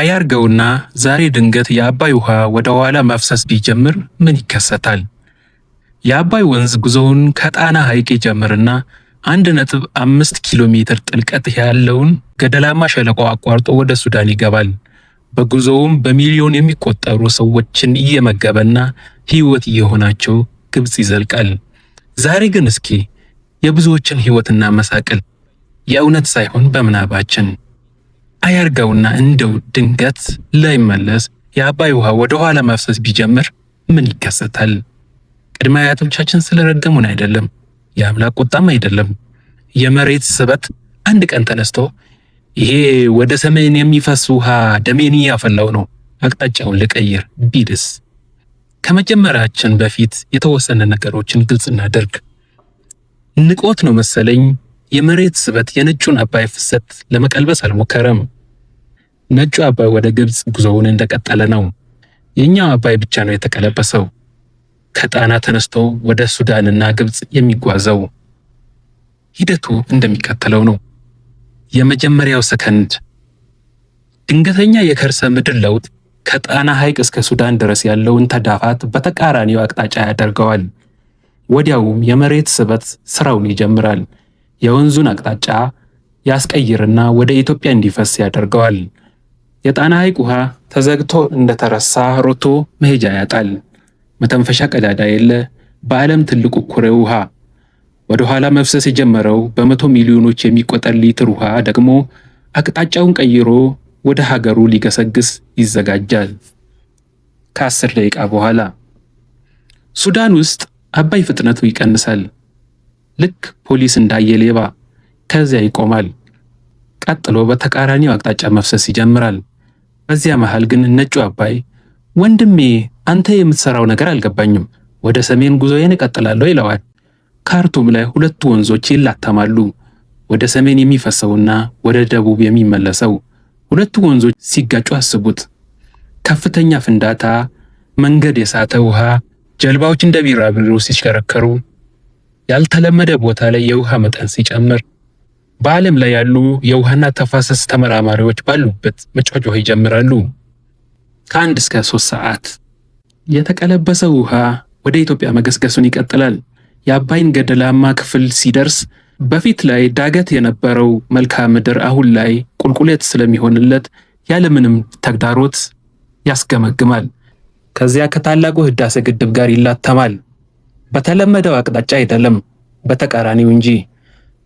አያርገውና ዛሬ ድንገት የአባይ ውሃ ወደ ኋላ መፍሰስ ቢጀምር ምን ይከሰታል? የአባይ ወንዝ ጉዞውን ከጣና ሐይቅ ይጀምርና 1.5 ኪሎ ሜትር ጥልቀት ያለውን ገደላማ ሸለቆ አቋርጦ ወደ ሱዳን ይገባል። በጉዞውም በሚሊዮን የሚቆጠሩ ሰዎችን እየመገበና ሕይወት እየሆናቸው ግብፅ ይዘልቃል። ዛሬ ግን እስኪ የብዙዎችን ሕይወትና መሳቅል የእውነት ሳይሆን በምናባችን አያርገውና እንደው ድንገት ላይመለስ የአባይ ውሃ ወደ ኋላ መፍሰስ ቢጀምር ምን ይከሰታል? ቅድመ አያቶቻችን ስለረገሙን አይደለም፣ የአምላክ ቁጣም አይደለም። የመሬት ስበት አንድ ቀን ተነስቶ ይሄ ወደ ሰሜን የሚፈስ ውሃ ደሜን እያፈላው ነው፣ አቅጣጫውን ልቀይር ቢልስ? ከመጀመራችን በፊት የተወሰነ ነገሮችን ግልጽ እናደርግ። ንቆት ነው መሰለኝ የመሬት ስበት የነጩን አባይ ፍሰት ለመቀልበስ አልሞከረም። ነጩ አባይ ወደ ግብፅ ጉዞውን እንደቀጠለ ነው። የኛው አባይ ብቻ ነው የተቀለበሰው ከጣና ተነስቶ ወደ ሱዳንና ግብፅ የሚጓዘው። ሂደቱ እንደሚከተለው ነው። የመጀመሪያው ሰከንድ ድንገተኛ የከርሰ ምድር ለውጥ ከጣና ሐይቅ እስከ ሱዳን ድረስ ያለውን ተዳፋት በተቃራኒው አቅጣጫ ያደርገዋል። ወዲያውም የመሬት ስበት ስራውን ይጀምራል። የወንዙን አቅጣጫ ያስቀይርና ወደ ኢትዮጵያ እንዲፈስ ያደርገዋል። የጣና ሐይቅ ውሃ ተዘግቶ እንደተረሳ ሮቶ መሄጃ ያጣል። መተንፈሻ ቀዳዳ የለ። በዓለም ትልቁ ኩሬ ውሃ ወደ ኋላ መፍሰስ የጀመረው በመቶ ሚሊዮኖች የሚቆጠር ሊትር ውሃ ደግሞ አቅጣጫውን ቀይሮ ወደ ሀገሩ ሊገሰግስ ይዘጋጃል። ከአስር ደቂቃ በኋላ ሱዳን ውስጥ አባይ ፍጥነቱ ይቀንሳል። ልክ ፖሊስ እንዳየ ሌባ ከዚያ ይቆማል። ቀጥሎ በተቃራኒው አቅጣጫ መፍሰስ ይጀምራል። በዚያ መሃል ግን ነጩ አባይ ወንድሜ አንተ የምትሰራው ነገር አልገባኝም፣ ወደ ሰሜን ጉዞዬን እቀጥላለሁ ይለዋል። ካርቱም ላይ ሁለቱ ወንዞች ይላተማሉ። ወደ ሰሜን የሚፈሰውና ወደ ደቡብ የሚመለሰው ሁለቱ ወንዞች ሲጋጩ አስቡት። ከፍተኛ ፍንዳታ፣ መንገድ የሳተ ውሃ፣ ጀልባዎች እንደ ቢራቢሮ ሲሽከረከሩ ያልተለመደ ቦታ ላይ የውሃ መጠን ሲጨምር በዓለም ላይ ያሉ የውሃና ተፋሰስ ተመራማሪዎች ባሉበት መጮጮህ ይጀምራሉ። ከአንድ እስከ ሶስት ሰዓት የተቀለበሰ ውሃ ወደ ኢትዮጵያ መገስገሱን ይቀጥላል። የአባይን ገደላማ ክፍል ሲደርስ በፊት ላይ ዳገት የነበረው መልክዓ ምድር አሁን ላይ ቁልቁሌት ስለሚሆንለት ያለምንም ተግዳሮት ያስገመግማል። ከዚያ ከታላቁ ህዳሴ ግድብ ጋር ይላተማል። በተለመደው አቅጣጫ አይደለም፣ በተቃራኒው እንጂ።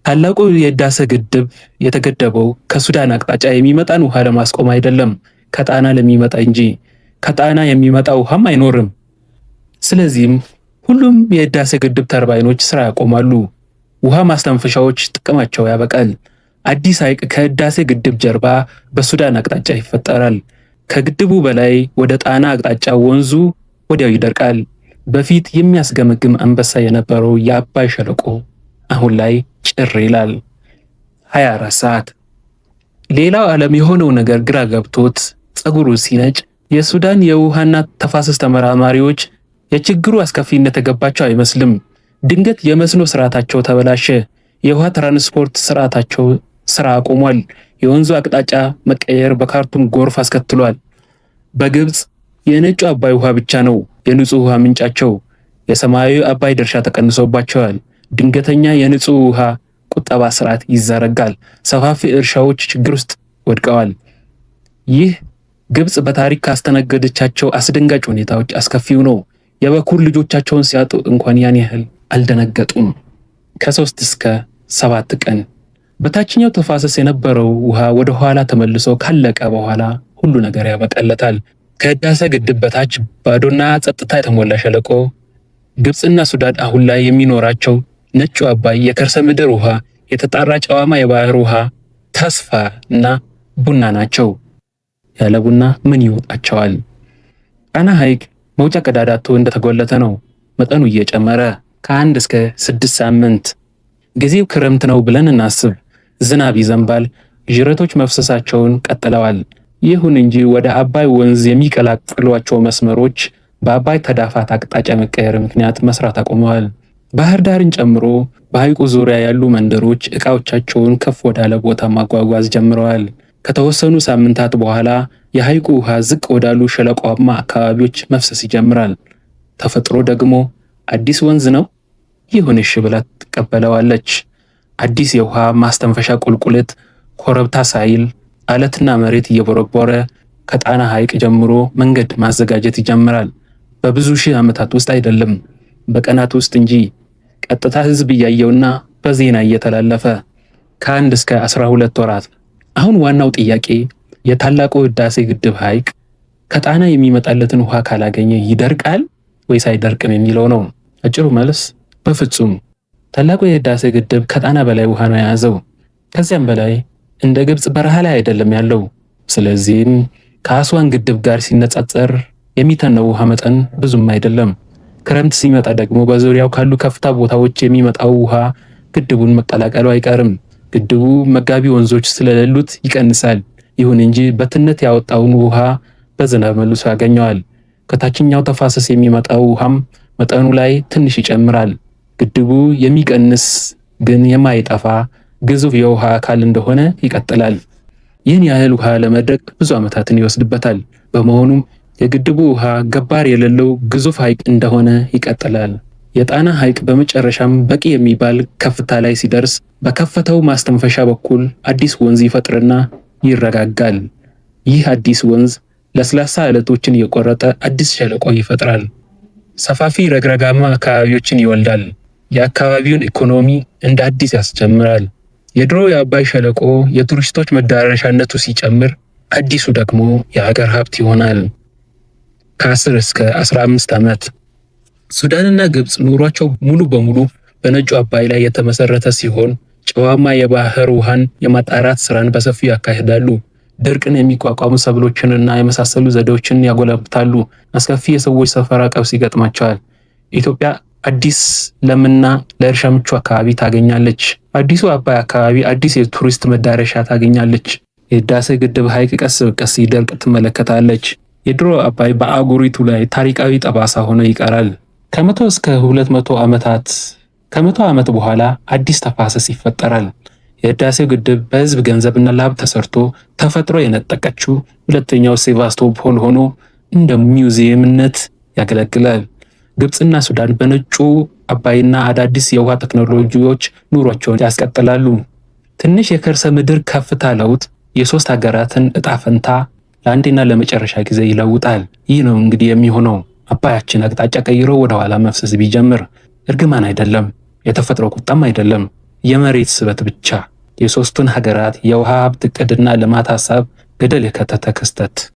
ታላቁ የህዳሴ ግድብ የተገደበው ከሱዳን አቅጣጫ የሚመጣን ውሃ ለማስቆም አይደለም፣ ከጣና ለሚመጣ እንጂ። ከጣና የሚመጣ ውሃም አይኖርም። ስለዚህም ሁሉም የህዳሴ ግድብ ተርባይኖች ስራ ያቆማሉ። ውሃ ማስተንፈሻዎች ጥቅማቸው ያበቃል። አዲስ ሐይቅ ከህዳሴ ግድብ ጀርባ በሱዳን አቅጣጫ ይፈጠራል። ከግድቡ በላይ ወደ ጣና አቅጣጫ ወንዙ ወዲያው ይደርቃል። በፊት የሚያስገመግም አንበሳ የነበረው የአባይ ሸለቆ አሁን ላይ ጭር ይላል። 24 ሰዓት። ሌላው ዓለም የሆነው ነገር ግራ ገብቶት ጸጉሩ ሲነጭ የሱዳን የውሃና ተፋሰስ ተመራማሪዎች የችግሩ አስከፊነት የገባቸው አይመስልም። ድንገት የመስኖ ስርዓታቸው ተበላሸ። የውሃ ትራንስፖርት ስርዓታቸው ስራ አቆሟል። የወንዙ አቅጣጫ መቀየር በካርቱም ጎርፍ አስከትሏል። በግብፅ የነጩ አባይ ውሃ ብቻ ነው የንጹህ ውሃ ምንጫቸው የሰማያዊ አባይ ድርሻ ተቀንሶባቸዋል። ድንገተኛ የንጹህ ውሃ ቁጠባ ስርዓት ይዘረጋል። ሰፋፊ እርሻዎች ችግር ውስጥ ወድቀዋል። ይህ ግብጽ በታሪክ ካስተናገደቻቸው አስደንጋጭ ሁኔታዎች አስከፊው ነው። የበኩር ልጆቻቸውን ሲያጡ እንኳን ያን ያህል አልደነገጡም። ከሶስት እስከ ሰባት ቀን በታችኛው ተፋሰስ የነበረው ውሃ ወደ ኋላ ተመልሶ ካለቀ በኋላ ሁሉ ነገር ያበቃለታል። ከዳሰ ግድብ በታች ባዶና ጸጥታ የተሞላ ሸለቆ፣ ግብፅና ሱዳን አሁን ላይ የሚኖራቸው ነጩ አባይ፣ የከርሰ ምድር ውሃ፣ የተጣራ ጨዋማ የባህር ውሃ፣ ተስፋ እና ቡና ናቸው። ያለ ቡና ምን ይወጣቸዋል? ጣና ሐይቅ መውጫ ቀዳዳቱ እንደተጎለተ ነው። መጠኑ እየጨመረ ከአንድ እስከ ስድስት ሳምንት ጊዜው ክረምት ነው ብለን እናስብ። ዝናብ ይዘንባል። ጅረቶች መፍሰሳቸውን ቀጥለዋል። ይሁን እንጂ ወደ አባይ ወንዝ የሚቀላቅሏቸው መስመሮች በአባይ ተዳፋት አቅጣጫ መቀየር ምክንያት መስራት አቁመዋል። ባህር ዳርን ጨምሮ በሐይቁ ዙሪያ ያሉ መንደሮች ዕቃዎቻቸውን ከፍ ወዳለ ቦታ ማጓጓዝ ጀምረዋል። ከተወሰኑ ሳምንታት በኋላ የሐይቁ ውሃ ዝቅ ወዳሉ ሸለቋማ አካባቢዎች መፍሰስ ይጀምራል። ተፈጥሮ ደግሞ አዲስ ወንዝ ነው ይሁን እሺ ብላ ትቀበለዋለች። አዲስ የውሃ ማስተንፈሻ ቁልቁለት ኮረብታ ሳይል አለትና መሬት እየቦረቦረ ከጣና ሐይቅ ጀምሮ መንገድ ማዘጋጀት ይጀምራል። በብዙ ሺህ ዓመታት ውስጥ አይደለም፣ በቀናት ውስጥ እንጂ ቀጥታ ህዝብ እያየውና በዜና እየተላለፈ ከአንድ እስከ 12 ወራት። አሁን ዋናው ጥያቄ የታላቁ ህዳሴ ግድብ ሐይቅ ከጣና የሚመጣለትን ውሃ ካላገኘ ይደርቃል ወይስ አይደርቅም የሚለው ነው። አጭሩ መልስ በፍጹም። ታላቁ የህዳሴ ግድብ ከጣና በላይ ውሃ ነው የያዘው፣ ከዚያም በላይ እንደ ግብፅ በረሃ ላይ አይደለም ያለው። ስለዚህም ከአስዋን ግድብ ጋር ሲነጻጸር የሚተነው ውሃ መጠን ብዙም አይደለም። ክረምት ሲመጣ ደግሞ በዙሪያው ካሉ ከፍታ ቦታዎች የሚመጣው ውሃ ግድቡን መቀላቀሉ አይቀርም። ግድቡ መጋቢ ወንዞች ስለሌሉት ይቀንሳል። ይሁን እንጂ በትነት ያወጣውን ውሃ በዝናብ መልሶ ያገኘዋል። ከታችኛው ተፋሰስ የሚመጣው ውሃም መጠኑ ላይ ትንሽ ይጨምራል። ግድቡ የሚቀንስ ግን የማይጠፋ ግዙፍ የውሃ አካል እንደሆነ ይቀጥላል። ይህን ያህል ውሃ ለመድረቅ ብዙ ዓመታትን ይወስድበታል። በመሆኑም የግድቡ ውሃ ገባር የሌለው ግዙፍ ሐይቅ እንደሆነ ይቀጥላል። የጣና ሐይቅ በመጨረሻም በቂ የሚባል ከፍታ ላይ ሲደርስ በከፈተው ማስተንፈሻ በኩል አዲስ ወንዝ ይፈጥርና ይረጋጋል። ይህ አዲስ ወንዝ ለስላሳ ዓለቶችን የቆረጠ አዲስ ሸለቆ ይፈጥራል። ሰፋፊ ረግረጋማ አካባቢዎችን ይወልዳል። የአካባቢውን ኢኮኖሚ እንደ አዲስ ያስጀምራል። የድሮ የአባይ ሸለቆ የቱሪስቶች መዳረሻነቱ ሲጨምር፣ አዲሱ ደግሞ የሀገር ሀብት ይሆናል። ከ10 እስከ 15 ዓመት ሱዳንና ግብፅ ኑሯቸው ሙሉ በሙሉ በነጩ አባይ ላይ የተመሰረተ ሲሆን ጨዋማ የባህር ውሃን የማጣራት ስራን በሰፊው ያካሂዳሉ። ድርቅን የሚቋቋሙ ሰብሎችንና የመሳሰሉ ዘዴዎችን ያጎለብታሉ። አስከፊ የሰዎች ሰፈራ ቀብስ ይገጥማቸዋል። ኢትዮጵያ አዲስ ለምና ለእርሻ ምቹ አካባቢ ታገኛለች። አዲሱ አባይ አካባቢ አዲስ የቱሪስት መዳረሻ ታገኛለች። የህዳሴ ግድብ ሐይቅ ቀስ በቀስ ሲደርቅ ትመለከታለች። የድሮ አባይ በአጉሪቱ ላይ ታሪካዊ ጠባሳ ሆኖ ይቀራል። ከመቶ እስከ ሁለት መቶ ዓመታት ከመቶ ዓመት በኋላ አዲስ ተፋሰስ ይፈጠራል። የህዳሴው ግድብ በህዝብ ገንዘብና ላብ ተሰርቶ ተፈጥሮ የነጠቀችው ሁለተኛው ሴቫስቶፖል ሆኖ እንደ ሚውዚየምነት ያገለግላል። ግብፅና ሱዳን በነጩ አባይና አዳዲስ የውሃ ቴክኖሎጂዎች ኑሯቸውን ያስቀጥላሉ። ትንሽ የከርሰ ምድር ከፍታ ለውጥ የሶስት ሀገራትን እጣፈንታ ለአንዴና ለመጨረሻ ጊዜ ይለውጣል። ይህ ነው እንግዲህ የሚሆነው አባያችን አቅጣጫ ቀይሮ ወደ ኋላ መፍሰስ ቢጀምር። እርግማን አይደለም፣ የተፈጥሮ ቁጣም አይደለም፣ የመሬት ስበት ብቻ የሶስቱን ሀገራት የውሃ ሀብት እቅድና ልማት ሀሳብ ገደል የከተተ ክስተት